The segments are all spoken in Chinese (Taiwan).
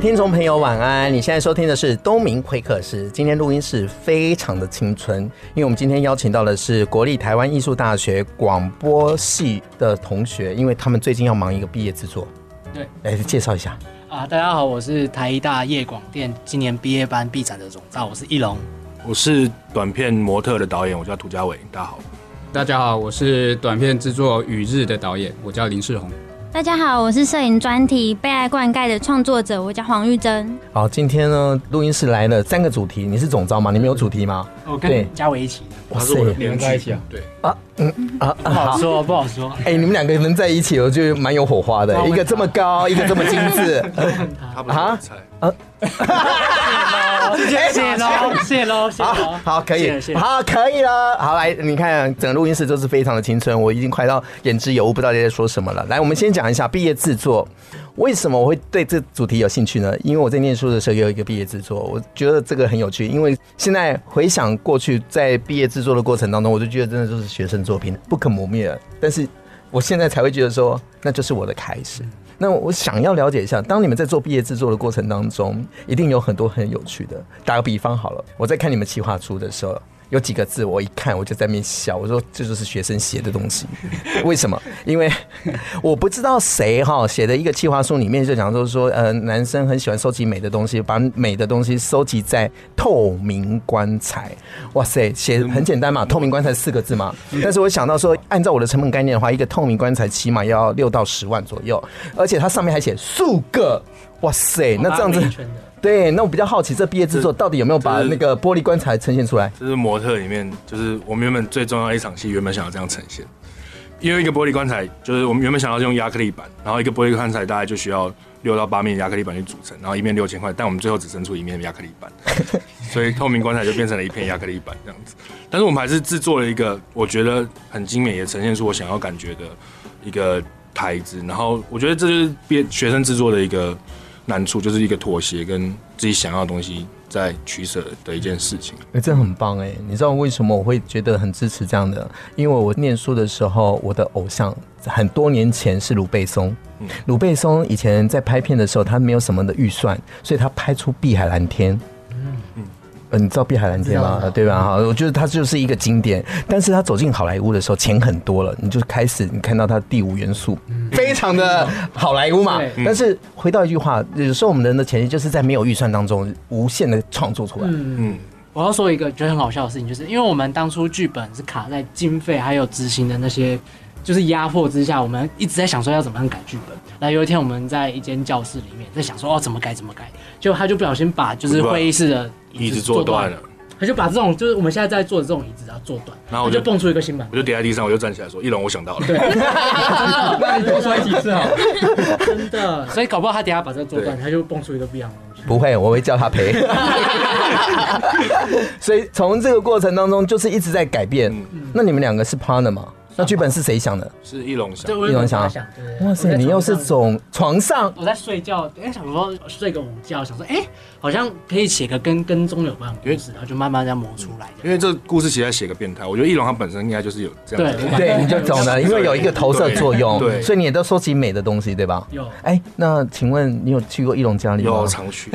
聽眾朋友，晚安！你現在收聽的是東明會客室。今天錄音室非常的青春。因為我們今天邀請到的是國立台灣藝術大學廣播系的同學，因為他們最近要忙一個畢業製作。對，來介紹一下啊！大家好，我是台藝大夜廣電今年畢業班畢展的總召，我是一龍。我是短片模特的導演，我叫涂家維。大家好，大家好，我是短片製作羽日的導演，我叫林士弘。大家好，我是攝影專題被愛灌溉的創作者，我叫黃郁錚。好，今天呢錄音室來了三個主題，你是總召嗎？你們有主題嗎？我跟家維一起。哇塞，你們在一起啊？對啊。嗯啊，不好說，不好說。哎，你們兩個人在一起，我覺得蠻有火花的。一個這麼高，一個這麼精緻。他不啊。謝謝嘍，謝謝嘍，好，好，可以，好，可以了。好，來，你看，整個錄音室都是非常的青春，我已經快到言之有物，不知道在說什麼了。來，我們先講一下畢業製作。為什麼我會對這主題有興趣呢？因為我在念書的時候也有一個畢業製作，我覺得這個很有趣。因為現在回想過去，在畢業製作的過程當中，我就覺得真的就是學生作品，不可磨滅了。但是我現在才會覺得說，那就是我的開始。那我想要了解一下，當你們在做畢業制作的過程當中，一定有很多很有趣的。打個比方好了，我在看你們企劃書的時候。有幾個字，我一看我就在那邊笑，我說這就是學生寫的東西，為什麼？因為我不知道誰哈寫的一個企劃書裡面就講說說呃男生很喜歡收集美的東西，把美的東西收集在透明棺材，哇塞，寫很簡單嘛，透明棺材四個字嘛，但是我想到說按照我的成本概念的話，一個透明棺材起碼要六到十萬左右，而且它上面還寫數個，哇塞，那這樣子。對，那我比較好奇，這畢業製作到底有沒有把那個玻璃棺材呈現出來？這是，這是模特裡面，就是我們原本最重要的一場戲，原本想要這樣呈現，因為一個玻璃棺材，就是我們原本想要用亞克力板，然後一個玻璃棺材大概就需要六到八面，mm、亞克力板去組成，然後一面六千塊，但我們最後只伸出一面亞克力板， 所以透明棺材就變成了一片亞克力板這樣子。但是我們還是製作了一個我覺得很精美，也呈現出我想要感覺的一個台子。然後我覺得這就是畢業學生製作的一個。難處就是一個妥協跟自己想要的東西在取捨的一件事情。欸，這很棒欸，你知道為什麼我會覺得很支持這樣的？因為我念書的時候，我的偶像很多年前是魯貝松。嗯。盧貝松以前在拍片的時候，他沒有什麼的預算，所以他拍出碧海藍天。呃，你知道《碧海藍天》嗎？對吧？哈，我覺得它就是一個經典，但是它走進好萊塢的時候，錢很多了，你就開始你看到它第五元素，嗯、非常的好萊塢嘛。嗯嗯、但是回到一句話，有時候我們人的潛力就是在沒有預算當中無限的創作出來。嗯，我要說一個覺得很好笑的事情，就是因為我們當初劇本是卡在經費還有執行的那些。就是壓迫之下，我們一直在想說要怎麼樣改劇本。然後有一天我們在一間教室裡面在想說哦怎麼改怎麼改，結果他就不小心把就是會議室的椅子坐斷了，他就把這種就是我們現在在做的這種椅子啊坐斷，然後我就蹦出一個新版，我就跌在地上，我就站起來說一龍，我想到了，那你多摔幾次啊，真的，所以搞不好他等下把這個坐斷，他就蹦出一個不一樣的東西，不會我會叫他賠，所以從這個過程當中就是一直在改變。那你們兩個是 partner 嗎？那劇本是誰想的？是一龍想，一龍想。哇塞！你又是從床上，我在睡覺，哎，想說睡個午覺，想說，哎，好像可以寫個跟跟蹤有關的劇本，然後就慢慢這樣磨出來。因為這故事其實在寫個變態，我覺得一龍他本身應該就是有這樣。對對，你就懂了，因為有一個投射作用，所以你也都收集美的東西，對吧？有。哎，那請問你有去過一龍家裡嗎？有常去。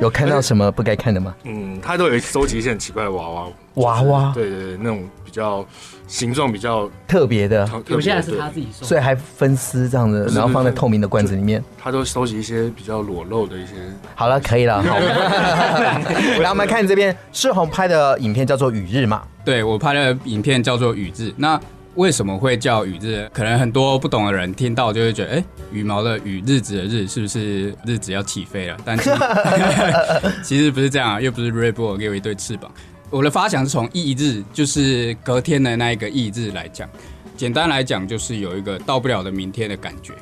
有看到什麼不該看的嗎？嗯，他都有收集一些很奇怪的娃娃。娃娃。對對對，那種。比較形狀比較特別的，特別現在是他自己收，對所以還分絲這樣子，然後放在透明的罐子裡面。是是就他都收集一些比較裸露的一些。好了，可以了。好，來，我們看這邊，世宏拍的影片叫做《雨日》嘛？對，我拍的影片叫做《雨日》。那為什麼會叫《雨日》？可能很多不懂的人聽到就會覺得，哎、欸，羽毛的雨，日子的日，是不是日子要起飛了？但 其實不是這樣，啊，又不是 Rainbow 給我一對翅膀。我的發想是從翌日，就是隔天的那一個翌日來講。簡單來講，就是有一個到不了的明天的感覺。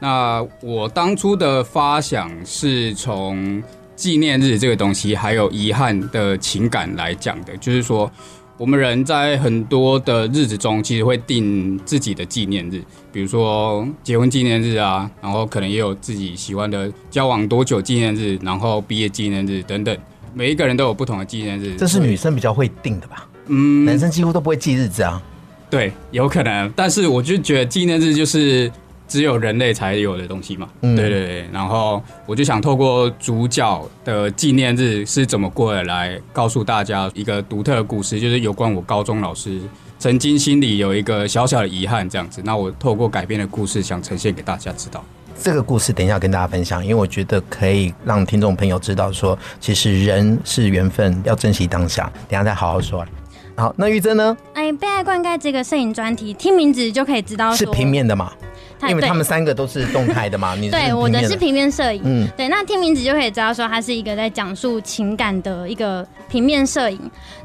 那我當初的發想是從紀念日這個東西，還有遺憾的情感來講的。就是說，我們人在很多的日子中，其實會定自己的紀念日，比如說結婚紀念日啊，然後可能也有自己喜歡的交往多久紀念日，然後畢業紀念日等等。每一個人都有不同的紀念日，這是女生比較會定的吧？嗯，男生幾乎都不會記日子啊。對，有可能，但是我就覺得紀念日就是只有人類才有的東西嘛。嗯。對對對，然後我就想透過主角的紀念日是怎麼過的，來告訴大家一個獨特的故事，就是有關我高中老師曾經心裡有一個小小的遺憾這樣子。那我透過改編的故事想呈現給大家知道。這個故事等一下跟大家分享，因為我覺得可以讓聽眾朋友知道說，說其實人是緣分，要珍惜當下，等一下再好好說。好，那郁錚呢？哎，被愛灌溉這個攝影專題，聽名字就可以知道是平面的嘛。他因為他們三個都是動態的嘛， 對，你對我的是平面攝影，嗯、對，那聽名字就可以知道說它是一個在講述情感的一個平面攝影。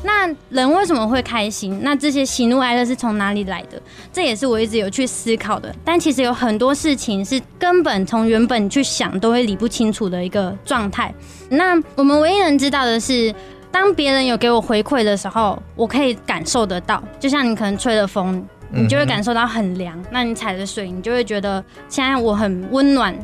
那人為什麼會開心？那這些喜怒哀樂是從哪裡來的？這也是我一直有去思考的。但其實有很多事情是根本從原本去想都會理不清楚的一個狀態。那我們唯一能知道的是，當別人有給我回饋的時候，我可以感受得到。就像你可能吹了風。你就會感受到很涼，那你踩着水，你就會覺得現在我很溫暖。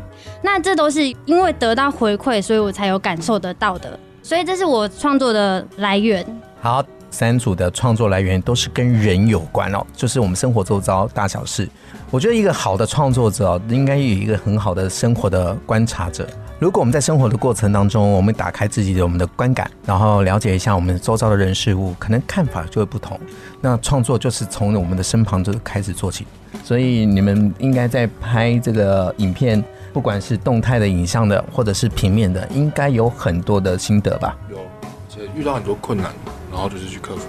那這都是因為得到回饋，所以我才有感受得到的。所以這是我創作的來源。好，三組的創作來源都是跟人有關哦，就是我們生活周遭大小事。我覺得一個好的創作者應該有一個很好的生活的觀察者。如果我們在生活的過程當中，我們打開自己的我們的觀感，然後了解一下我們周遭的人事物，可能看法就會不同。那創作就是從我們的身旁就開始做起，所以你們應該在拍這個影片，不管是動態的、影像的，或者是平面的，應該有很多的心得吧？有，且遇到很多困難，然後就是去克服。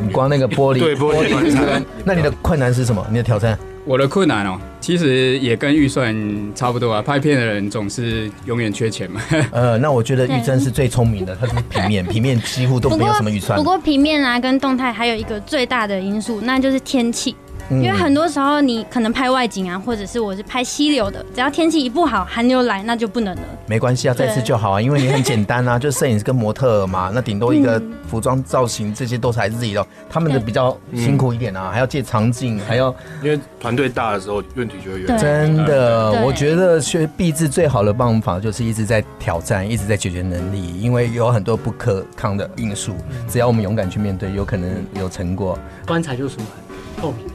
你光那個玻璃，對玻璃。玻璃，那你的困難是什麼？你的挑戰？我的困難哦，其實也跟預算差不多啊。拍片的人總是永遠缺錢嘛。呃，那我覺得郁錚是最聰明的，對 他是平面，平 面幾乎都沒有什麼預算不。不過平面啊，跟動態還有一個最大的因素，那就是天氣。因為很多時候你可能拍外景啊，或者是我是拍溪流的，只要天氣一不好，寒流來，那就不能了。沒關係，啊，再次就好啊，因為你很簡單啊，就攝影師跟模特嘛，那頂多一個服裝造型，這些都是自己的。他們的比較辛苦一點啊，還要借場景，還要因為團隊大的時候問題就會有。真的，我覺得學畢製最好的辦法就是一直在挑戰，一直在解決能力，因為有很多不可抗的因素，只要我們勇敢去面對，有可能有成果。觀察就是什麼？透明的。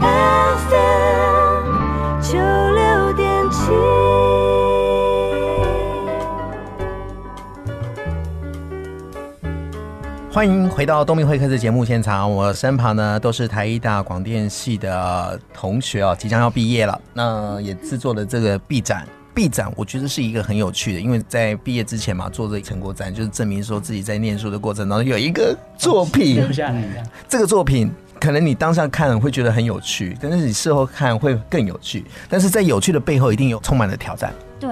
FM 九六點七，歡迎回到東明會客的節目現場。我身旁呢都是台藝大廣電系的同學啊、哦，即將要畢業了。那也制作了這個畢展， 畢展我覺得是一個很有趣的，因為在畢業之前嘛，做這個成果展就是證明說自己在念書的過程當中有一個作品，像你一樣，這個作品。可能你當上看會覺得很有趣，但是你事後看會更有趣。但是在有趣的背後，一定有充滿了挑戰。對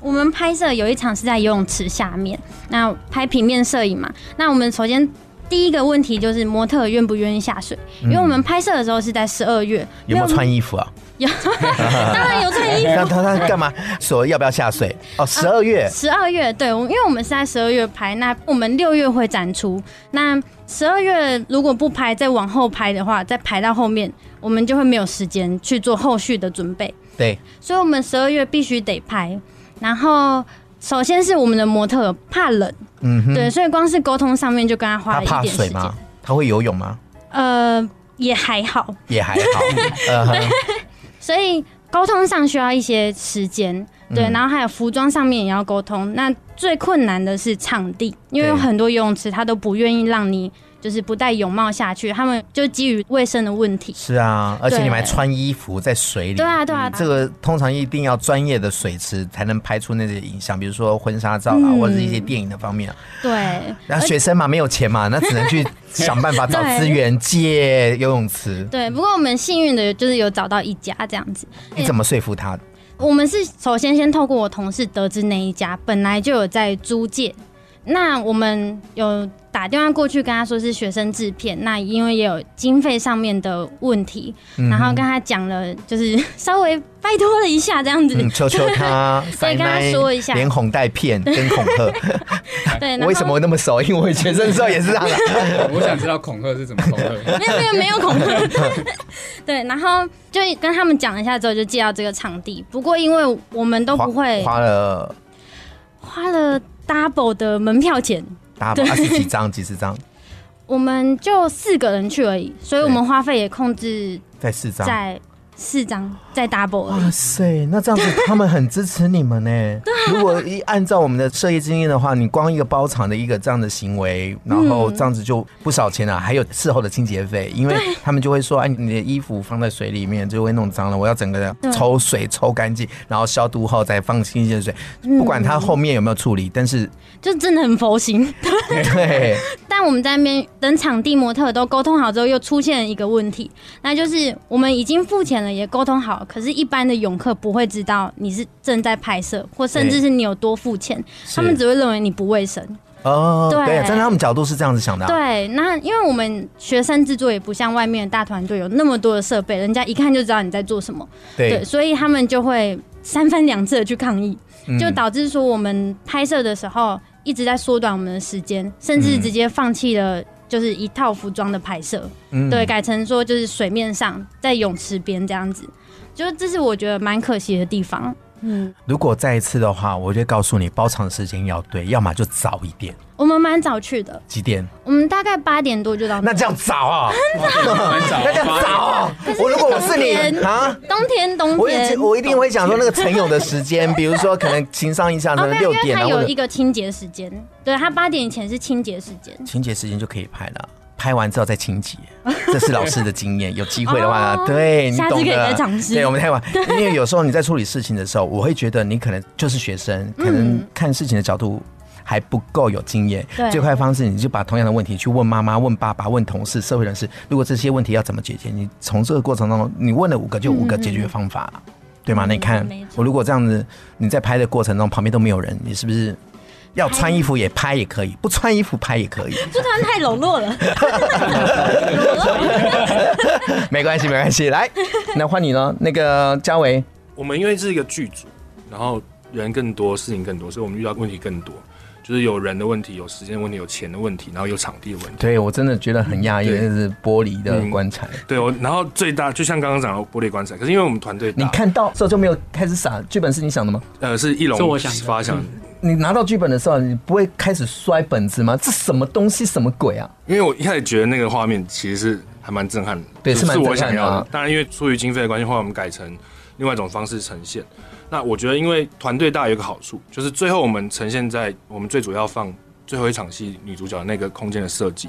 我們拍攝有一場是在游泳池下面，那拍平面攝影嘛。那我們首先第一個問題就是模特願不願意下水，因為我們拍攝的時候是在十二月，嗯、沒有，有沒有穿衣服啊？有， 當然有穿衣服。那 他他幹嘛說要不要下水？哦，十二月，十二月，對，我因為我們是在十二月拍，那我們六月會展出，那。十二月如果不拍，再往後拍的話，再排到後面，我們就會沒有時間去做後續的準備。對，所以，我們十二月必須得拍。然後，首先是我們的模特怕冷，嗯哼，對，所以光是溝通上面就跟他花了一點時間。他怕水嗎？他會游泳嗎？呃，也還好，也還好。 嗯 uh huh、所以溝通上需要一些時間。對，然後還有服裝上面也要溝通。嗯、那最困難的是場地，因為有很多游泳池他都不願意讓你就是不戴泳帽下去，他們就基於衛生的問題。是啊，而且你們還穿衣服在水裡。對,嗯、對啊，對啊，這個通常一定要專業的水池才能拍出那些影像，比如說婚紗照啊，嗯、或者是一些電影的方面。對。然後學生嘛，且沒有錢嘛，那只能去想辦法找資源借 對游泳池。對，不過我們幸運的就是有找到一家這樣子。你怎麼說服他的？我們是首先先透過我同事得知那一家本來就有在租借，那我們有。打電話過去跟他說是學生製片，那因為也有經費上面的問題，嗯、哼然後跟他講了，就是稍微拜託了一下這樣子，求求、嗯、他， 所以跟他說一下，連哄帶騙跟恐嚇。對， 對為什麼我那麼熟？因為我學生時候也是這、啊、樣的。我想知道恐嚇是怎麼恐嚇？ 沒有沒有恐嚇。 對，然後就跟他們講一下之後，就借到這個場地。不過因為我們都不會花了，花了 double 的門票錢。大概對、啊、十幾張、幾十張，我們就四個人去而已，所以我們花費也控制在四張在。四張再 double，哇塞！Oh, say, 那這樣子他們很支持你們呢？ 對如果一按照我們的設計經驗的話，你光一個包場的一個這樣的行為，然後這樣子就不少錢了，啊。嗯、還有事後的清潔費，因為他們就會說：“哎對、啊，你的衣服放在水裡面就會弄髒了，我要整個抽水對抽乾淨，然後消毒後再放新鮮水。嗯”不管他後面有沒有處理，但是就真的很佛心。對。 但我們在那邊等場地模特、都溝通好之後，又出現了一個問題，那就是我們已經付錢了，也溝通好了，可是，一般的泳客不會知道你是正在拍攝，或甚至是你有多付錢，欸、他們只會認為你不衛生。哦，對，站在對他們角度是這樣子想的。對，那因為我們學生製作也不像外面的大團隊有那麼多的設備，人家一看就知道你在做什麼。對，對，所以他們就會三番兩次的去抗議，就導致說我們拍攝的時候。嗯一直在縮短我們的時間，甚至直接放棄了就是一套服裝的拍攝，嗯，對，改成說就是水面上在泳池邊這樣子，就是這是我覺得蠻可惜的地方。嗯，如果再一次的話，我就告訴你，包場的時間要對，要麼就早一點。我們蠻早去的，幾點？我們大概八點多就到。那這樣早啊？那這樣早啊？我如果我是你啊，冬天冬天，我一定我一定會想說那個晨泳的時間，比如說可能情商一下那個六點。因為他有一個清潔時間，對他八點以前是清潔時間，清潔時間就可以拍了。拍完之後再清潔，這是老師的經驗。 對有機會的話，對、哦、你懂得，對我們太晚，對因為有時候你在處理事情的時候，我會覺得你可能就是學生，可能看事情的角度還不夠有經驗。嗯、最快的方式，你就把同樣的問題去問媽媽、問爸爸、問同事、社會人士，如果這些問題要怎麼解決，你從這個過程中，你問了五個，就五個解決方法、嗯、對嗎？嗯、那你看，我如果這樣子，你在拍的過程中旁邊都沒有人，你是不是？要穿衣服也拍也可以，不穿衣服拍也可以。這團太籠絡了，沒關係，沒關係。來，那換你了。那個家維，我們因為是一個劇組，然後人更多，事情更多，所以我們遇到問題更多。就是有人的問題，有時間的問題，有錢的問題，然後有場地的問題。對，我真的覺得很壓抑，就、嗯、是玻璃的棺材、嗯。對、哦，我然後最大就像剛剛講的玻璃棺材，可是因為我們團隊，你看到的時候就沒有開始傻。劇、嗯、本是你想的嗎？呃，是一龍，是我想發想、嗯。你拿到劇本的時候，你不會開始摔本子嗎？這什麼東西，什麼鬼啊？因為我一開始覺得那個畫面其實是還蠻震撼的，對，是，是，是我想要的。當然，因為出於經費的關係，後來我們改成另外一種方式呈現。那我覺得，因為團隊大有一個好處，就是最後我們呈現在我們最主要放最後一場戲女主角的那個空間的設計，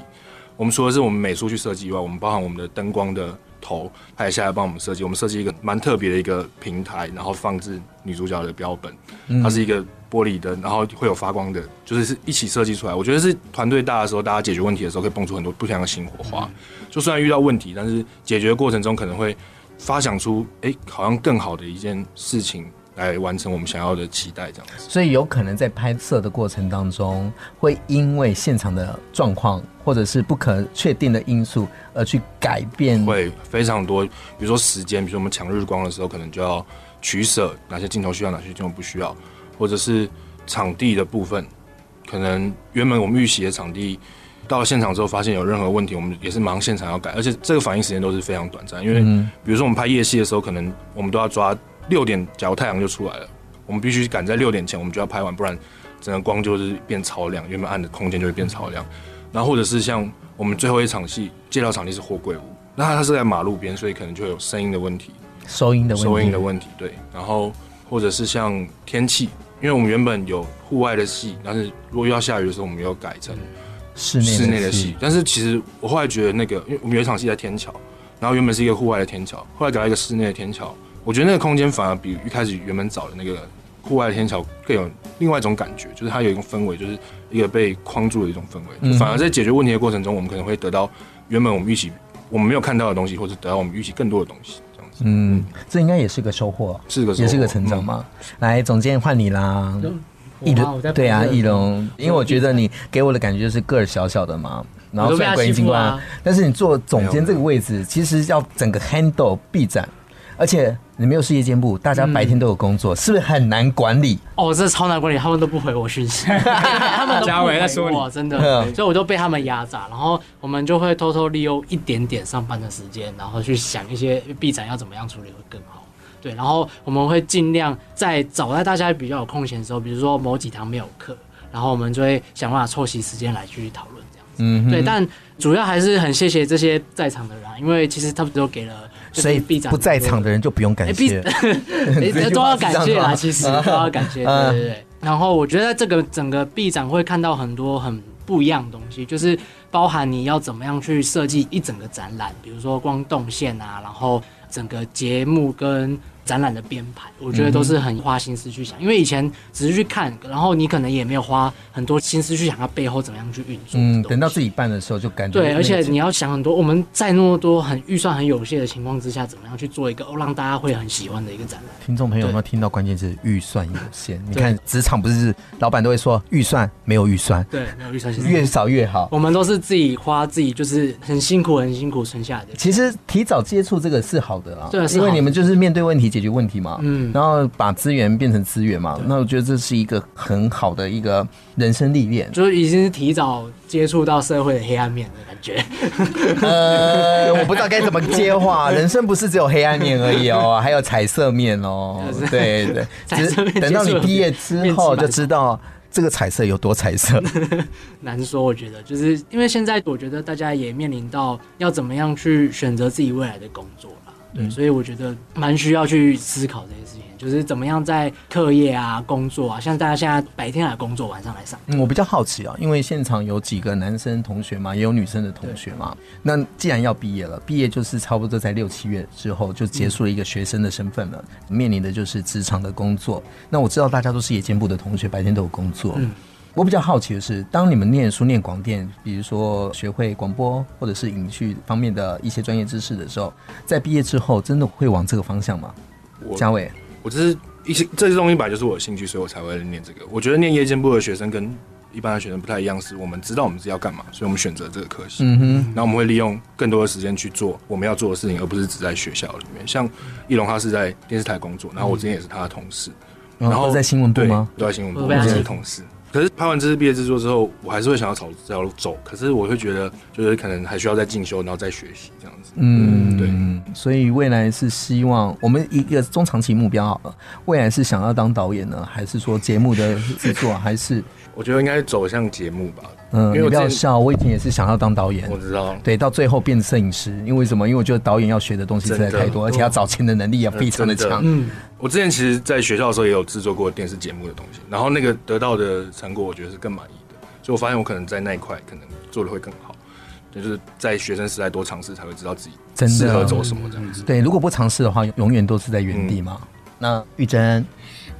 我們除了是我們美術去設計以外，我們包含我們的燈光的頭，還有下來幫我們設計。我們設計一個蠻特別的一個平台，然後放置女主角的標本，它是一個玻璃的，然後會有發光的，就是是一起設計出來。我覺得是團隊大的時候，大家解決問題的時候可以蹦出很多不一樣的新火花。是就雖然遇到問題，但是解決的過程中可能會發想出，哎、欸，好像更好的一件事情。來完成我們想要的期待，這樣子。所以有可能在拍攝的過程當中，會因為現場的狀況或者是不可確定的因素而去改變。會非常多，比如說時間，比如說我們搶日光的時候，可能就要取捨哪些鏡頭需要，哪些鏡頭不需要，或者是場地的部分，可能原本我們預習的場地到了現場之後，發現有任何問題，我們也是忙現場要改，而且這個反應時間都是非常短暫，因為比如說我們拍夜戲的時候，可能我們都要抓。六點，假如太陽就出來了，我們必須趕在六點前，我們就要拍完，不然整個光就是變超亮，原本暗的空間就會變超亮。然後或者是像我們最後一場戲，借到場地是貨櫃屋，那它是在馬路邊，所以可能就會有聲音的問題，收音的問題，收音的問題，對。然後或者是像天氣，因為我們原本有戶外的戲，但是如果要下雨的時候，我們又改成室內的戲，室內的戲。但是其實我後來覺得那個，因為我們有一場戲在天橋，然後原本是一個戶外的天橋，後來改到一個室內的天橋。我覺得那個空間反而比一開始原本找的那個戶外天橋更有另外一種感覺，就是它有一個氛圍，就是一個被框住的一種氛圍。反而在解決問題的過程中，我們可能會得到原本我們預期我們沒有看到的東西，或者得到我們預期更多的東西，這樣子、嗯。嗯，這應該也是一個收穫，是個也是一個成長嘛。嗯、來，總監換你啦，一龍，對啊，一龍，因為我覺得你給我的感覺就是個兒小小的嘛，然後比較文靜啊！但是你做總監這個位置，其實要整個 handle 畢展，而且。你沒有是夜間部，大家白天都有工作，嗯、是不是很難管理？哦，這超難管理，他們都不回我訊息， 他們都家維在說我真的，對所以我都被他們壓榨。然後我們就會偷偷利用一點點上班的時間，然後去想一些畢展要怎麼樣處理會更好。對，然後我們會盡量在早在大家比較有空閒的時候，比如說某幾堂沒有課，然後我們就會想辦法湊齊時間來去討論這樣子。嗯、哼對，但主要還是很謝謝這些在場的人，因為其實他們都給了。所以，畢展不在場的人就不用感謝？都要感謝啊！其實都要感謝，啊、對對對。啊、然後，我覺得這個整個畢展會看到很多很不一樣的東西，就是包含你要怎麼樣去設計一整個展覽，比如說光動線啊，然後整個節目跟。展覽的編排，我覺得都是很花心思去想，嗯、因為以前只是去看，然後你可能也沒有花很多心思去想要背後怎麼樣去運作。嗯，等到自己辦的時候就感覺對，那個、而且你要想很多。我們在那麼多很預算很有限的情況之下，怎麼樣去做一個讓大家會很喜歡的一個展覽？聽眾朋友有沒有聽到關鍵詞？預算有限。對你看職場不是老板都會說預算沒有預算，對，沒有預算越少越好。我們都是自己花自己，就是很辛苦很辛苦存下的。其實提早接觸這個是好的啦、啊，對，因為你們就是面對問題。解決問題嘛，嗯，然後把資源變成資源嘛，對那我覺得這是一個很好的一個人生歷練，就是已經是提早接觸到社會的黑暗面的感覺。 呃，我不知道該怎麼接話， 人生不是只有黑暗面而已哦，喔， 還有彩色面哦、喔。但是對，對對，彩色面只。等到你畢業之後，就知道這個彩色有多彩色。 難說，我覺得就是因為現在，我覺得大家也面臨到要怎麼樣去選擇自己未來的工作。對，所以我覺得蠻需要去思考這些事情，就是怎麼樣在課業啊、工作啊，像大家現在白天來工作，晚上來上。嗯，我比較好奇啊，因為現場有幾個男生同學嘛，也有女生的同學嘛。對那既然要畢業了，畢業就是差不多在六七月之後就結束了一個學生的身份了，嗯、面臨的就是職場的工作。那我知道大家都是夜間部的同學，白天都有工作。嗯我比較好奇的是，當你們念書念廣電，比如說學會廣播或者是影劇方面的一些專業知識的時候，在畢業之後真的會往這個方向嗎？家維我，瑋我就是一些這些東西本來就是我的興趣，所以我才會念這個。我覺得念夜間部的學生跟一般的學生不太一樣，是我們知道我們是要幹嘛，所以我們選擇這個科系。嗯哼，然後我們會利用更多的時間去做我們要做的事情，而不是只在學校裡面。像一龍，他是在電視台工作，然後我之前也是他的同事，嗯、哼然後，然後在新聞部嗎？都在新聞部，我們對是同事。可是拍完這次畢業製作之後，我還是會想要朝這條路走。可是我會覺得，就是可能還需要再進修，然後再學習這樣子。嗯，對。所以未來是希望我們一個中長期目標好了，未來是想要當導演呢，還是說節目的製作？ 還是我覺得應該走向節目吧。嗯，因為你不要笑，我以前也是想要當導演。我知道。對，到最後變攝影師，因為什麼？因為我覺得導演要學的東西實在太多，的而且要找錢的能力也非常的強。嗯。我之前其實，在學校的時候也有制作過電視節目的東西，然後那個得到的成果，我覺得是更滿意的，所以我發現我可能在那一塊可能做的會更好，就是在學生時代多嘗試，才會知道自己真適合做什麼這樣子。對，如果不嘗試的話，永遠都是在原地嘛。嗯、那郁錚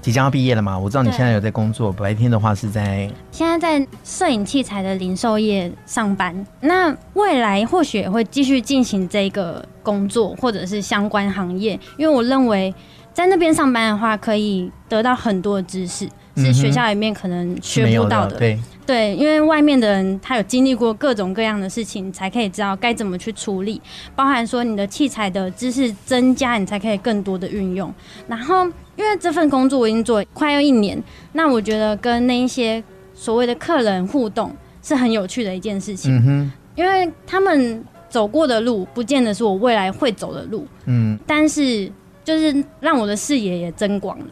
即將要畢業了嗎？我知道你現在有在工作，對白天的話是在現在在攝影器材的零售業上班。那未來或許也會繼續進行這個工作，或者是相關行業，因為我認為。在那邊上班的話，可以得到很多的知識，嗯哼，是學校裡面可能學不到的。的，對，對，因為外面的人他有經歷過各種各樣的事情，才可以知道該怎麼去處理，包含說你的器材的知識增加，你才可以更多的運用。然後，因為這份工作我已經做快要一年，那我覺得跟那一些所謂的客人互動是很有趣的一件事情。嗯哼，因為他們走過的路，不見得是我未來會走的路。嗯，但是。就是讓我的視野也增廣了，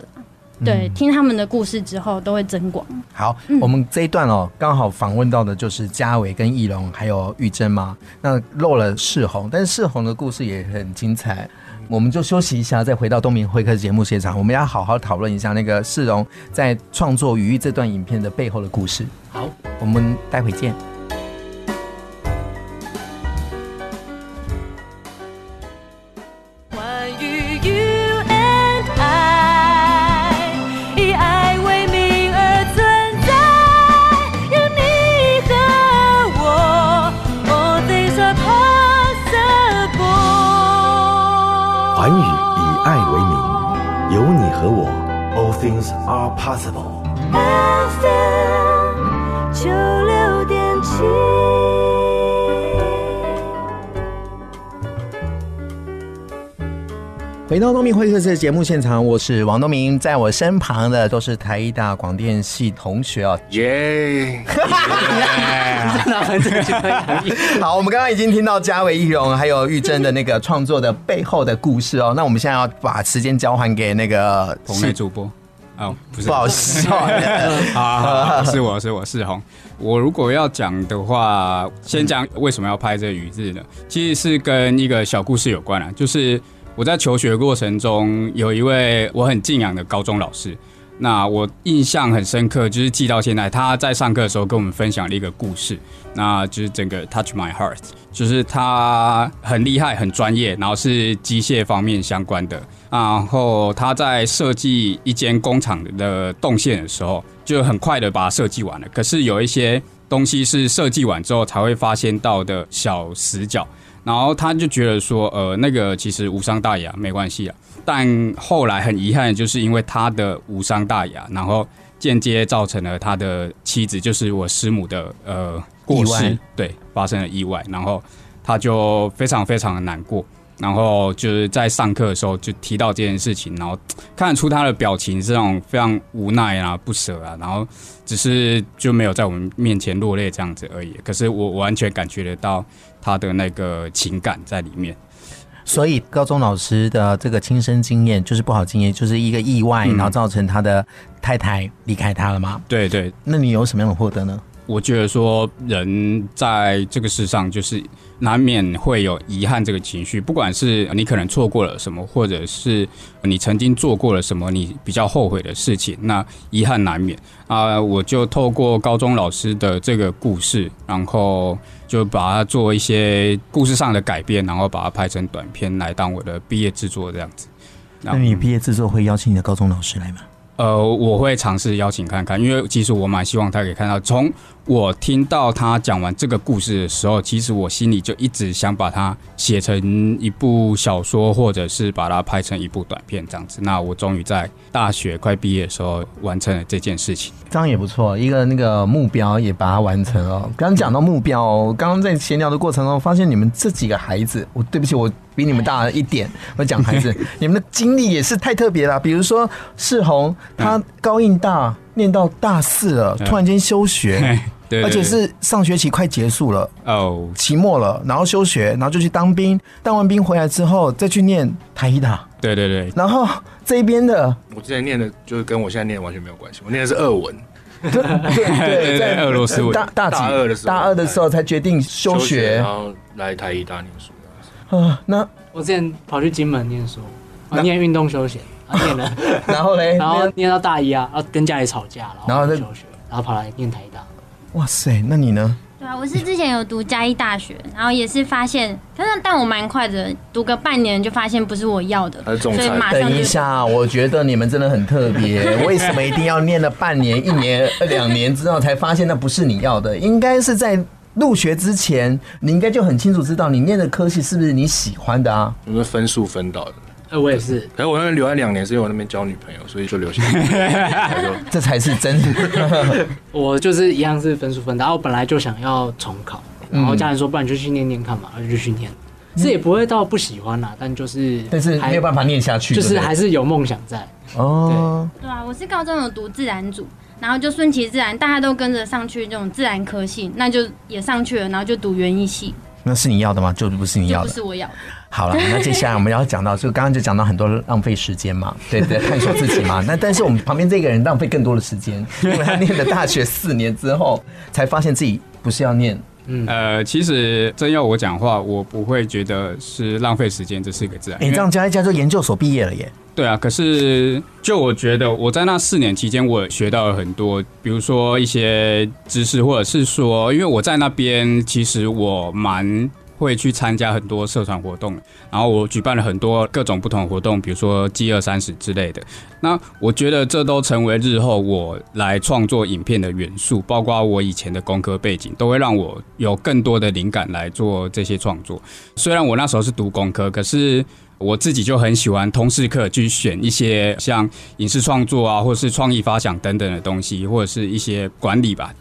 嗯、對，聽他們的故事之後都會增廣。好，嗯、我們這一段哦，剛好訪問到的就是家維、跟一龍，還有郁錚嘛。那漏了士弘，但是士弘的故事也很精彩。我們就休息一下，再回到東明會客節目現場，我們要好好討論一下那個士弘在創作《羽日》這段影片的背後的故事。好，我們待會見。p o s s 九六點七，回到東明會客室節目現場，我是王東明，在我身旁的都是台藝大廣電系同學哦，耶，好，我們剛剛已經聽到家維一龍還有鬱錚的那個創作的背後的故事哦， 那我們現在要把時間交還給那個同事主播。哦，oh, 不是，不好意思啊，是我，是我士弘。我如果要講的話，嗯、先講為什麼要拍這個羽日呢？其實是跟一個小故事有關啊。就是我在求學過程中，有一位我很敬仰的高中老師，那我印象很深刻，就是記到現在。他在上課的時候跟我們分享了一個故事，那就是整個 Touch My Heart，就是他很厲害、很專業，然後是機械方面相關的。然後他在設計一間工廠的動線的時候，就很快的把它設計完了。可是有一些東西是設計完之後才會發現到的小死角，然後他就覺得說，呃，那個其實無傷大雅，沒關係啊。但後來很遺憾，就是因為他的無傷大雅，然後間接造成了他的妻子，就是我師母的呃過失，意外。對，發生了意外，然後他就非常非常的難過。然後就是在上課的時候就提到這件事情，然後看得出他的表情是那種非常無奈啊、不捨啊，然後只是就沒有在我們面前落淚這樣子而已。可是我完全感覺得到他的那個情感在裡面。所以高中老師的這個親身經驗就是不好經驗，就是一個意外，嗯、然後造成他的太太離開他了嗎？對對，那你有什麼樣的獲得呢？我覺得說，人在這個世上就是難免會有遺憾這個情緒，不管是你可能錯過了什麼，或者是你曾經做過了什麼你比較後悔的事情，那遺憾難免啊，呃。我就透過高中老師的這個故事，然後就把它做一些故事上的改變，然後把它拍成短片來當我的畢業製作這樣子。那你畢業製作會邀請你的高中老師來嗎？呃，我會嘗試邀請看看，因為其實我蠻希望他可以看到從。我聽到他講完這個故事的時候，其實我心裡就一直想把它寫成一部小說，或者是把它拍成一部短片這樣子。那我終於在大學快畢業的時候完成了這件事情，這樣也不錯，一個那個目標也把它完成哦。剛剛講到目標，剛剛在閒聊的過程中，發現你們這幾個孩子，我對不起，我比你們大了一點，我講孩子， 你們的經歷也是太特別了。比如說士弘，他高應大、嗯、念到大四了，突然間休學。嗯嗯對，而且是上學期快結束了，哦，期末了，然後休學，然後就去當兵，當完兵回來之後再去念台藝大，對對對。然後這一邊的，我之前念的，就是跟我現在念完全沒有關係，我念的是俄文，對對，在俄羅斯，大大二的時候，大二的時候才決定休學，然後來台藝大念書。啊，那我之前跑去金門念書，念運動休閒，念了，然後嘞，然後念到大一啊，啊跟家裡吵架，然後休學，然後跑來念台藝大。哇塞，那你呢？對啊，我是之前有讀嘉義大學，然後也是發現，但是但我蠻快的，讀個半年就發現不是我要的了。所以馬上。等一下，我覺得你們真的很特別， 為什麼一定要念了半年、一年、兩年之後才發現那不是你要的？應該是在入學之前，你應該就很清楚知道你念的科系是不是你喜歡的啊？因為分數分到的。我也是。可是、欸、我那邊留了兩年，是因為我在那邊交女朋友，所以就留下。這才是真。 我就是一樣是分數分的，然後本來就想要重考，嗯、然後家人說，不然就去念念看嘛，然後就去念。這、嗯、也不會到不喜歡啦、啊，但就是還但是沒有辦法念下去，就是還是有夢想在。哦，對，對啊，我是高中有讀自然組，然後就順其自然，大家都跟着上去那種自然科系，那就也上去了，然後就讀園藝系。那是你要的嗎？就不是你要的，不是我要的。好了，那接下來我們要講到，就剛剛就講到很多浪費時間嘛，對對，探索自己嘛。那但是我們旁邊這個人浪費更多的時間，因為他念了大學四年之後，才發現自己不是要念。嗯、呃，其實真要我講話，我不會覺得是浪費時間這四個字你、欸、這樣加一加，就研究所畢業了耶。對啊，可是就我覺得我在那四年期間，我學到了很多，比如說一些知識，或者是說，因為我在那邊，其實我蠻。會去參加很多社團活動，然後我舉辦了很多各種不同的活動，比如說飢餓三十之類的。那我覺得這都成為日後我來創作影片的元素，包括我以前的工科背景，都會讓我有更多的靈感來做這些創作。雖然我那時候是讀工科，可是我自己就很喜歡通識課，去選一些像影視創作啊，或者是創意發想等等的東西，或者是一些管理吧。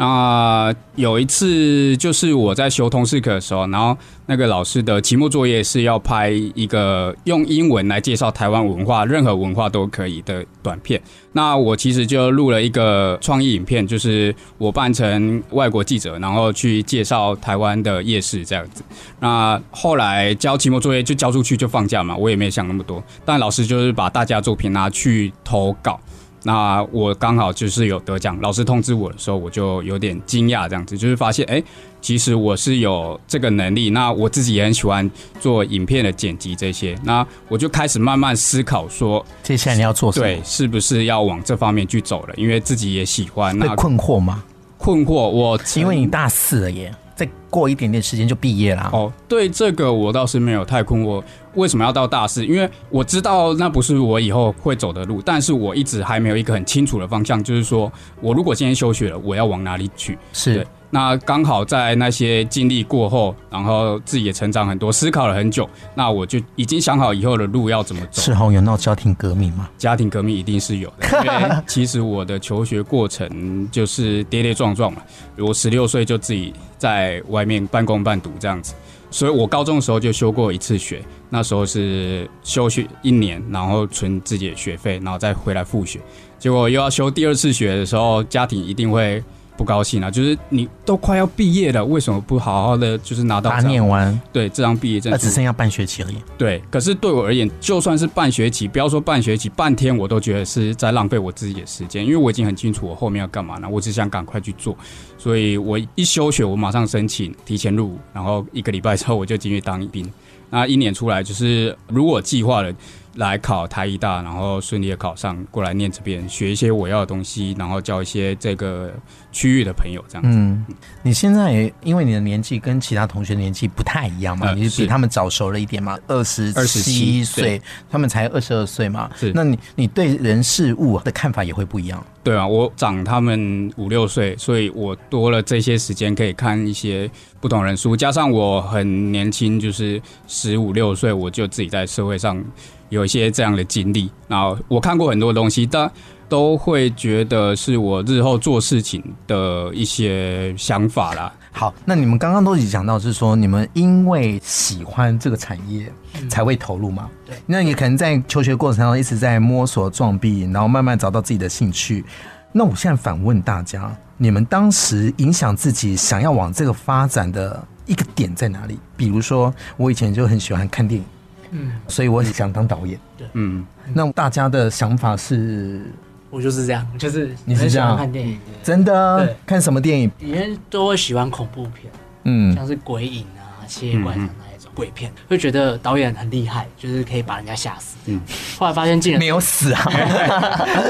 那，有一次就是我在修通識課的時候，然後那個老師的期末作業是要拍一個用英文來介紹台灣文化，任何文化都可以的短片。那我其實就錄了一個創意影片，就是我扮成外國記者，然後去介紹台灣的夜市這樣子。那後來交期末作業就交出去就放假嘛，我也沒想那麼多。但老師就是把大家作品拿去投稿。那我剛好就是有得獎，老師通知我的時候，我就有點驚訝，這樣子就是發現，哎、欸，其實我是有這個能力。那我自己也很喜歡做影片的剪輯這些，那我就開始慢慢思考說，接下來你要做什麼？對，是不是要往這方面去走了？因為自己也喜歡，那。困惑嗎？困惑我，我因為你大四了耶。再過一點點時間就畢業啦。哦，對，這個我倒是沒有太困惑。我為什麼要到大四？因為我知道那不是我以後會走的路，但是我一直還沒有一個很清楚的方向。就是說我如果今天休學了，我要往哪裡去？是。那剛好在那些經歷過後，然後自己也成長很多，思考了很久，那我就已經想好以後的路要怎麼走。士弘有鬧家庭革命嗎？家庭革命一定是有的，因為其實我的求學過程就是跌跌撞撞嘛。比如十六歲就自己在外面半工半讀這樣子，所以我高中的時候就休過一次學，那時候是休學一年，然後存自己的學費，然後再回來復學。結果又要休第二次學的時候，家庭一定會。不高興啊，就是你都快要畢業了，為什麼不好好的就是拿到？半年完，對，這張畢業證，那只剩下半學期了。對，可是對我而言，就算是半學期，不要說半學期，半天我都覺得是在浪費我自己的時間，因為我已經很清楚我後面要幹嘛了，我只想趕快去做，所以我一休學，我馬上申請提前入伍，然後一個禮拜之後我就進去當兵，那一年出來就是如果計劃了，來考台藝大，然後順利的考上，過來念這邊學一些我要的東西，然後交一些這個區域的朋友，這樣。嗯，你現在因為你的年紀跟其他同學年紀不太一樣嘛，嗯、你是比他們早熟了一點嘛，二十七歲，對他們才二十二歲嘛。是，那你你對人事物的看法也會不一樣。對啊，我長他們五六歲，所以我多了這些時間可以看一些不同人書，加上我很年輕，就是十五六歲，我就自己在社會上。有一些這樣的經歷，那我看過很多東西，但都會覺得是我日後做事情的一些想法啦。好，那你們剛剛都已經講到，是說你們因為喜歡這個產業才會投入嘛？嗯，對。那你可能在求學過程中一直在摸索撞壁，然後慢慢找到自己的興趣。那我現在反問大家，你們當時影響自己想要往這個發展的一個點在哪裡？比如說，我以前就很喜歡看電影。嗯，所以我想當導演。對，嗯，那大家的想法是，我就是這樣，就是你是這樣看電影，真的，看什麼電影？以前都會喜歡恐怖片，嗯，像是鬼影啊、七夜怪談那一種鬼片，會覺得導演很厲害，就是可以把人家嚇死。嗯，後來發現竟然沒有死啊，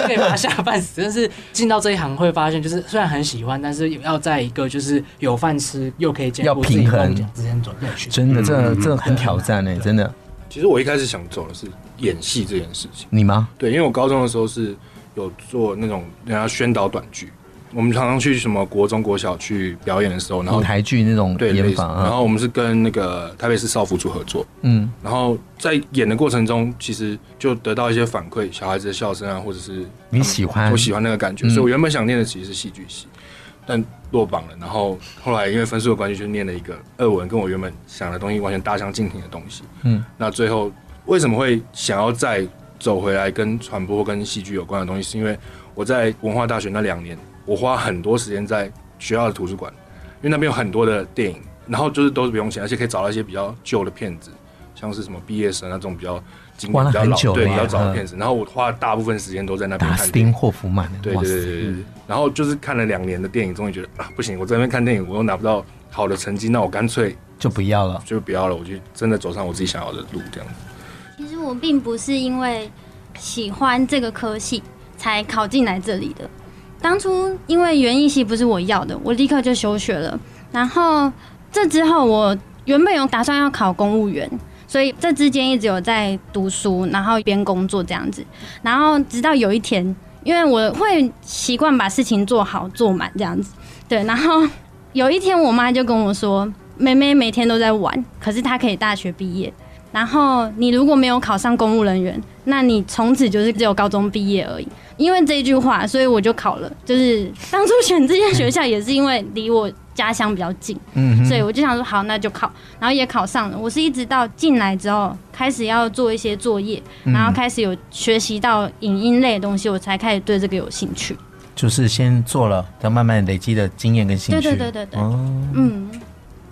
可以把他嚇半死。但是進到這一行會發現，就是雖然很喜歡，但是要在一個就是有飯吃又可以兼顧自己平衡之間走下去，真的，這這很挑戰哎，真的。其實我一開始想走的是演戲這件事情。你嗎？對，因為我高中的時候是有做那種人家宣導短劇，我們常常去什麼國中、國小去表演的時候，然後舞台劇那種演法，對，啊、然後我們是跟那個台北市少輔組合作。嗯，然後在演的過程中，其實就得到一些反饋，小孩子的笑聲啊，或者是你喜歡，我喜歡那個感覺，嗯、所以我原本想念的其實是戲劇系。但落榜了，然後後來因為分數的關係，就念了一個俄文，跟我原本想的東西完全大相徑庭的東西。嗯，那最後為什麼會想要再走回來跟傳播跟戲劇有關的東西？是因為我在文化大學那兩年，我花很多時間在學校的圖書館，因為那邊有很多的電影，然後就是都是不用錢，而且可以找到一些比較舊的片子，像是什麼畢業生那種比較。玩了很久了，對，要找片子，嗯、然後我花大部分時間都在那邊。達斯汀·霍夫曼，對對對，對、嗯、然後就是看了兩年的電影，終於覺得啊，不行，我在那邊看電影，我又拿不到好的成績，那我乾脆就不要了，就不要了，我就真的走上我自己想要的路，這樣子。其實我並不是因為喜歡這個科系才考進來這裡的，當初因為園藝系不是我要的，我立刻就休學了。然後這之後，我原本有打算要考公務員。所以這之間一直有在讀書，然後邊工作這樣子，然後直到有一天，因為我會習慣把事情做好做滿這樣子，對，然後有一天我媽就跟我說：“妹妹每天都在玩，可是她可以大學畢業。”然後你如果沒有考上公務人員，那你從此就是只有高中畢業而已。因為這一句話，所以我就考了。就是當初選這間學校也是因為離我家鄉比較近，嗯哼，所以我就想說好，那就考。然後也考上了。我是一直到進來之後開始要做一些作業，嗯、然後開始有學習到影音類的東西，我才開始對這個有興趣。就是先做了，再慢慢累積的經驗跟興趣。對對對對對。哦。嗯。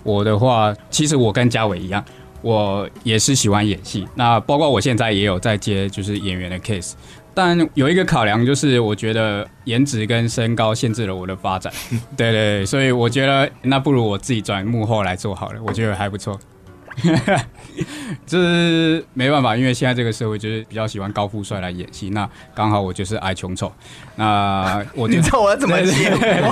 我的話，其實我跟家維一樣。我也是喜歡演戲，那包括我現在也有在接就是演員的 case，但有一個考量，就是，我覺得顏值跟身高限制了我的發展， 對對，所以我覺得那不如我自己轉幕後來做好了，我覺得還不錯。哈哈， 就是沒辦法，因為現在這個社會就是比較喜歡高富帥來演戲，那剛好我就是矮窮醜，那我就 你知道我要怎麼演？對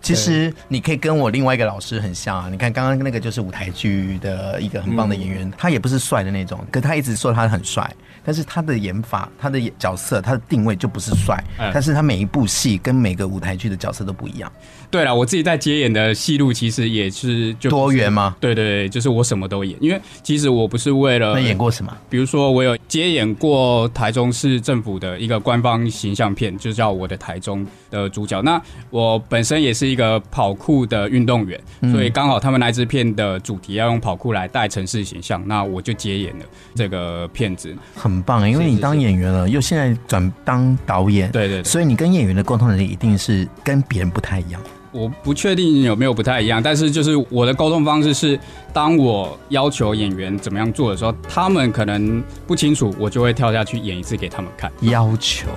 其實你可以跟我另外一個老師很像啊，你看剛剛那個就是舞台劇的一個很棒的演員，嗯、他也不是帥的那種，可他一直說他很帥。但是他的演法、他的角色、他的定位就不是帥，嗯、但是他每一部戲跟每個舞台劇的角色都不一樣。對了，我自己在接演的戲路其實也是就多元嗎？對對對，就是我什麼都演，因為其實我不是為了。那演過什麼？比如說，我有接演過台中市政府的一個官方形象片，就叫《我的台中》。的主角，那我本身也是一個跑酷的運動員，嗯、所以剛好他們來這片的主題要用跑酷來帶城市形象，那我就接演了這個片子，很棒哎！因為你當演員了，是是是又現在轉當導演，對,對對，所以你跟演員的溝通能力一定是跟別人不太一樣。我不確定有沒有不太一樣，但是就是我的溝通方式是，當我要求演員怎麼樣做的時候，他們可能不清楚，我就會跳下去演一次給他們看，要求。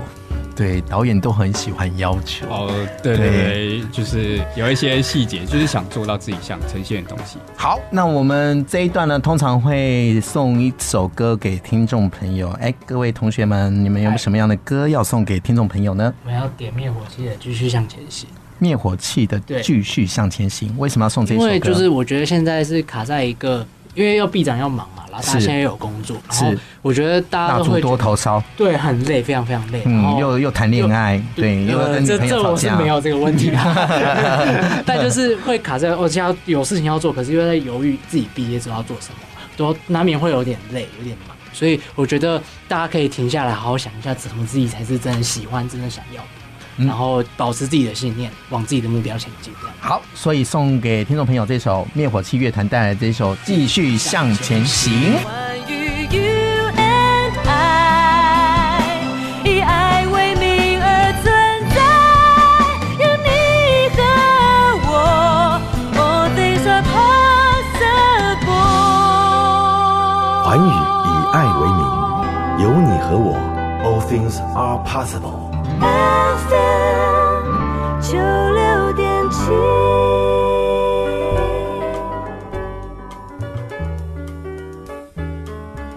對，導演都很喜歡要求。哦，對對，對，對就是有一些細節，就是想做到自己想呈現的東西。好，那我們這一段呢，通常會送一首歌給聽眾朋友。哎，各位同學們，你們有什麼樣的歌要送給聽眾朋友呢？哎、我們要點滅火器的《繼續向前行》。滅火器的《繼續向前行》對，為什麼要送這首歌？因為就是我覺得現在是卡在一個，因為要畢展要忙嘛。大家現在有工作，是然後我覺得大家都會多頭燒，對，很累，非常非常累。嗯，後又又談戀愛，對，呃、對，又這這我是沒有這個問題啊，但就是會卡在，我、哦、在有事情要做，可是又在猶豫自己畢業之後要做什麼，都難免會有點累，有點忙。所以我覺得大家可以停下來，好好想一下，怎麼自己才是真的喜歡，真的想要的。然後保持自己的信念，往自己的目標前進。嗯、好，所以送給聽眾朋友這首《滅火器樂團》帶來的這首《繼續向前行》。環宇 you and I，以愛為名而存在，有你和我，all things are possible。環宇以愛為名，有你和我，all things are possible。F M 九六點七，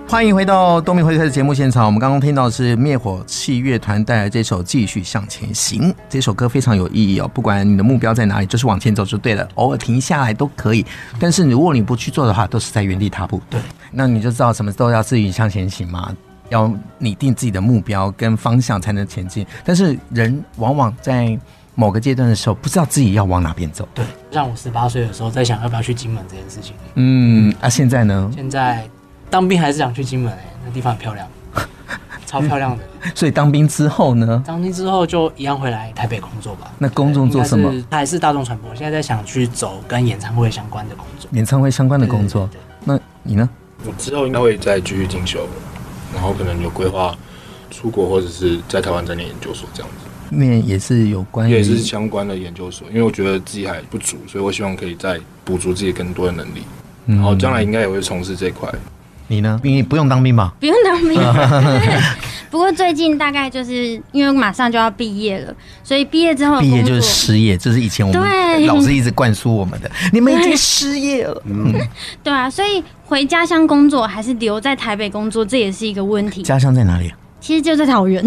歡迎回到東明會客的節目現場。我們剛剛聽到的是滅火器樂團帶來這首《繼續向前行》。這首歌非常有意義哦，不管你的目標在哪裡，就是往前走就對了。偶爾停下來都可以，但是如果你不去做的話，都是在原地踏步。對，那你就知道什麼都要自己向前行嘛。要擬定自己的目標跟方向，才能前進。但是人往往在某個階段的時候，不知道自己要往哪邊走。對，像我十八歲的時候在想要不要去金門這件事情。嗯，那、啊、現在呢？現在當兵還是想去金門哎、欸，那地方很漂亮， 超漂亮的、嗯。所以當兵之後呢？當兵之後就一樣回來台北工作吧。那工作做什麼？還是台大眾傳播。現在在想去走跟演唱會相關的工作，演唱會相關的工作。對對對，那你呢？我之後應該會再繼續進修。然後可能有規劃出國，或者是在台灣再唸研究所這樣子，那也是有關，也是相關的研究所。因為我覺得自己還不足，所以我希望可以再補足自己更多的能力。然後將來應該也會從事這塊。你呢？你不用當兵吧？不用當兵。 不過最近大概就是因為馬上就要畢業了，所以畢業之後，畢業就是失業，這、就是以前我們老師一直灌輸我們的。對你們已經失業了，對,嗯、對啊，所以回家鄉工作還是留在台北工作，這也是一個問題。家鄉在哪裡、啊？其實就在桃園，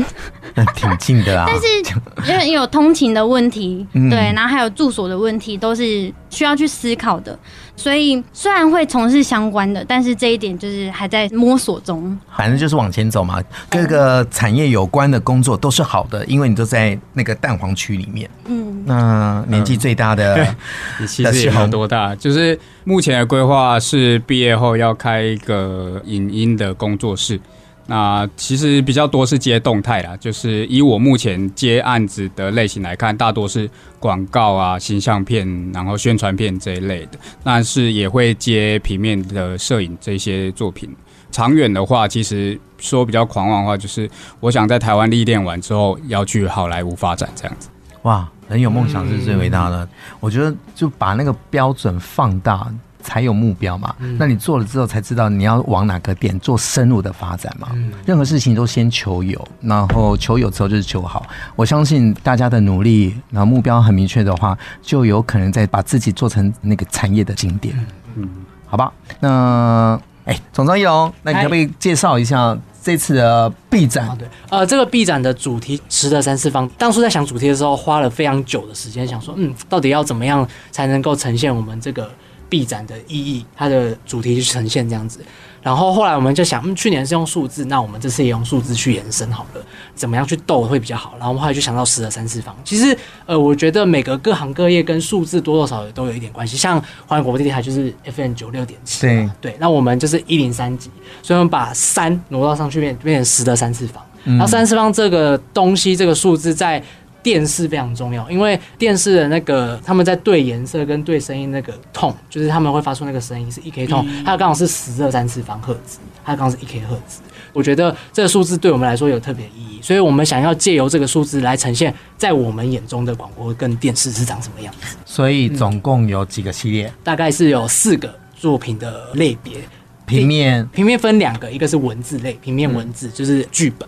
挺近的啊。 但是因為有通勤的問題，對，然後還有住所的問題，都是需要去思考的。所以雖然會從事相關的，但是這一點就是還在摸索中。反正就是往前走嘛，各個產業有關的工作都是好的，因為你都在那個蛋黃區裡面。嗯。那年紀最大的，你、嗯、士弘，其實有多大？就是目前的規劃是畢業後要開一個影音的工作室。那其實比較多是接動態啦，就是以我目前接案子的類型來看，大多是廣告啊、形象片、然後宣傳片這一類的，但是也會接平面的攝影這些作品。長遠的話，其實說比較狂妄的話，就是我想在台灣歷練完之後，要去好萊塢發展這樣子。哇，很有夢想是最偉大的。嗯，我覺得就把那個標準放大。才有目標嘛。嗯、那你做了之後才知道你要往哪個點做深入的發展嘛。嗯、任何事情都先求有，然後求有之後就是求好。我相信大家的努力，然後目標很明確的話，就有可能再把自己做成那個產業的景點。嗯，嗯，好吧。那哎、欸，總召一龍，嗨那你要不要介紹一下這次的畢展？呃，這個畢展的主題十的三次方。當初在想主題的時候，花了非常久的時間，想說，嗯，到底要怎麼樣才能夠呈現我們這個。畢展的意義，它的主題就呈現這樣子。然後後來我們就想，嗯，去年是用數字，那我們這次也用數字去延伸好了，怎麼樣去鬥會比較好？然後我們後來就想到十的三次方。其實，呃，我覺得每個各行各業跟數字多多少少都有一點關係。像環宇廣播電台就是 FM 九六點七，對，對，那我們就是一零三級，所以我們把三挪到上去變變成十的三次方。嗯、然後三次方這個東西，這個數字在。電視非常重要，因為電視的那個他們在對顏色跟對聲音那個 tone，就是他們會發出那個聲音是一 k tone，嗯，還有剛好是十的三次方赫茲，有剛好是一 k 赫茲。我覺得這個數字對我們來說有特別意義，所以我們想要借由這個數字來呈現，在我們眼中的廣播跟電視是長什麼樣子。所以總共有幾個系列，嗯？大概是有四個作品的類別，平面，平面分兩個，一個是文字類，平面文字，嗯、就是劇本，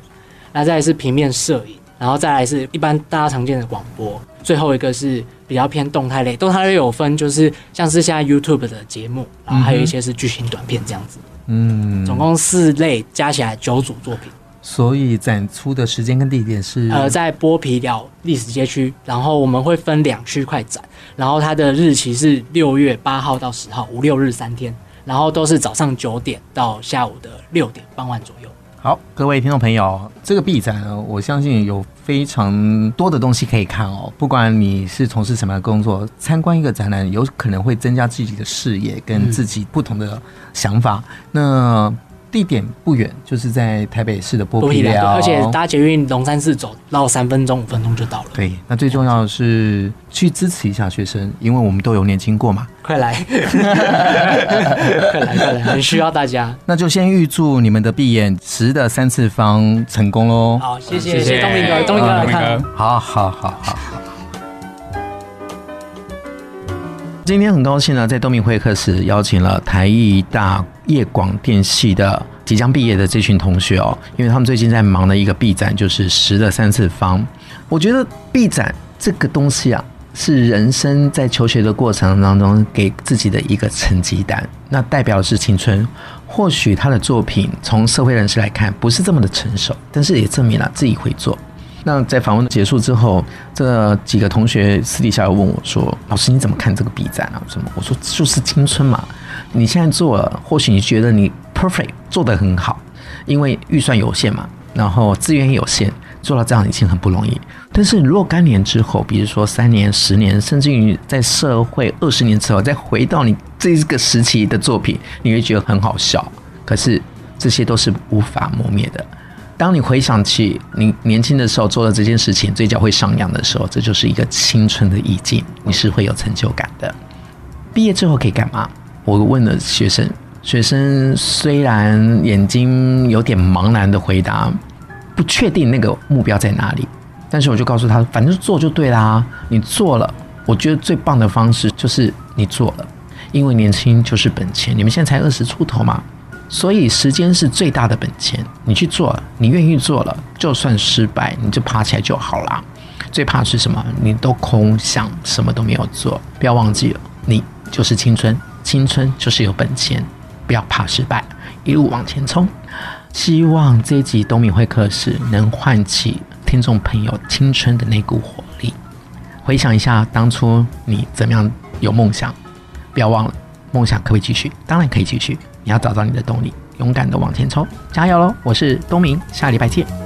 那再是平面攝影。然後再來是一般大家常見的廣播，最後一個是比較偏動態類，動態類有分就是像是現在 YouTube 的節目，然後還有一些是劇情短片這樣子。嗯，總共四類加起來九組作品。所以展出的時間跟地點是呃在剝皮寮歷史街區，然後我們會分兩區塊展，然後它的日期是六月八號到十號，五六日三天，然後都是早上九點到下午的六點傍晚左右。好，各位聽眾朋友，這個畢展，我相信有非常多的東西可以看哦。不管你是從事什麼工作，參觀一個展覽，有可能會增加自己的視野，跟自己不同的想法。嗯、那。地點不遠，就是在台北市的剝皮寮，而且搭捷運龍山寺走，然後三分鐘、五分鐘就到了。對，那最重要的是去支持一下學生，因為我們都有年輕過嘛。快來， 快來，快來，很需要大家。 那就先預祝你們的畢業十的三次方成功嘍！好，謝謝謝謝東明哥，東明哥來看，好好好好。好好好好今天很高興呢，在東明會客室邀請了台藝大夜廣電系的即將畢業的這群同學哦，因為他們最近在忙的一個畢展就是十的三次方。我覺得畢展這個東西啊，是人生在求學的過程當中給自己的一個成績單，那代表的是青春。或許他的作品從社會人士來看不是這麼的成熟，但是也證明了自己會做。那在訪問結束之後，這幾個同學私底下又問我說：“老師，你怎麼看這個畢製啊？”什麼？我說：“就是青春嘛。你現在做了，或許你覺得你 perfect，做得很好，因為預算有限嘛，然後資源也有限，做到這樣已經很不容易。但是若干年之後，比如說三年、十年，甚至於在社會二十年之後，再回到你這個時期的作品，你會覺得很好笑。可是這些都是無法磨滅的。”當你回想起你年輕的時候做了這件事情，嘴角會上揚的時候，這就是一個青春的意境，你是會有成就感的。畢業之後可以幹嘛？我問了學生，學生雖然眼睛有點茫然的回答，不確定那個目標在哪裡，但是我就告訴他，反正做就對啦，你做了，我覺得最棒的方式就是你做了，因為年輕就是本錢，你們現在才二十出頭嘛。所以，時間是最大的本錢。你去做，你願意做了，就算失敗，你就爬起來就好了。最怕是什麼？你都空想，什麼都沒有做。不要忘記了，你就是青春，青春就是有本錢。不要怕失敗，一路往前衝。希望這一集東明會客室能喚起聽眾朋友青春的那股火力。回想一下，當初你怎麼樣有夢想？不要忘了，夢想可不可以繼續？當然可以繼續。你要找到你的動力，勇敢地往前衝，加油嘍！我是東明，下禮拜見。